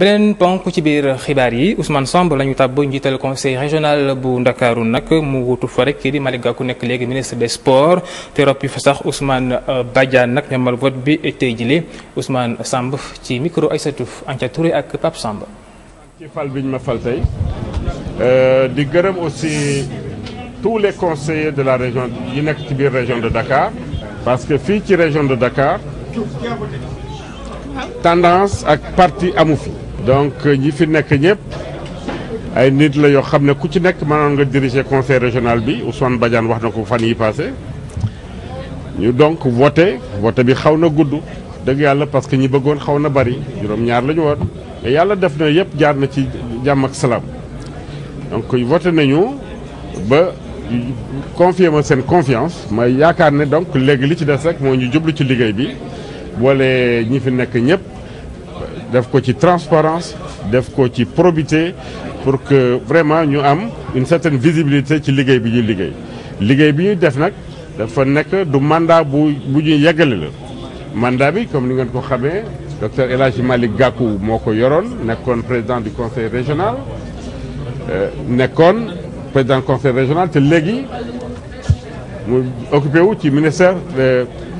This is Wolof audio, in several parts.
beneen ponk ci biir xibaar yi Ousmane Samb lañu ñu tàbb njiital conseil régional bu Ndakaaru nag mu wutu fa rek kii ku nekk léegi ministre des sports te roppi fa sax Ousmane euh, Badiane nag ñamal vote bi tey jile Ousmane Samb ci micro Aïssatou Anta Touré ak Pape Samb. ci fal bi ñu ma fal tey euh, di gërëm aussi tous les conseillers de la région yi nekk ci biir région de Dakar parce que fii ci région de Dakar. tendance ak parti amu fi. donc euh, ñi fi nekk ñëpp ay nit la yoo xam ne ku ci nekk mënoon nga diriger conseil régional bi Ousmane Badiane wax na ko fan yi passé ñu donc voté voté bi xaw na gudd. dëgg yàlla parce que ñi bëggoon xaw na bari juróom-ñaar la ñu woon mais yàlla def na yëpp jaar na ci jàmm ak salaam donc voté nañu ba confier ma seen confiance ma yaakaar ne donc léegi li ci des rek moo ñu jublu ci liggéey bi. boole ñi fi nekk ñëpp def ko ci transparence def ko ci probité pour que vraiment ñu am une certaine visibilité ci liggéey bi ñuy liggéey liggéey bi ñuy def nag dafa nekk du mandat bu bu ñuy yeggale la mandat bi comme ni ngeen ko xamee docteur El Hadji Malick moo ko yoroon nekkoon président du conseil régional euh, nekkoon président conseil régional te léegi mu occupé wu ci ministère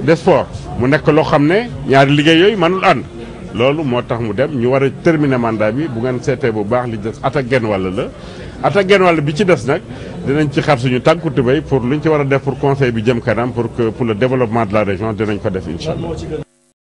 des sports mu nekk loo xam ne ñaari liggéey yooyu mënul ànd loolu moo tax mu dem ñu war a terminer mandat bi bu ngeen seetee bu baax li des at ak genn wàll la at ak genn wàll bi ci des nag dinañ ci xar suñu tànku tubéy pour luñ ci war a def pour conseil bi jëm kanam pour que pour le développement de la région dinañ ko def incha allah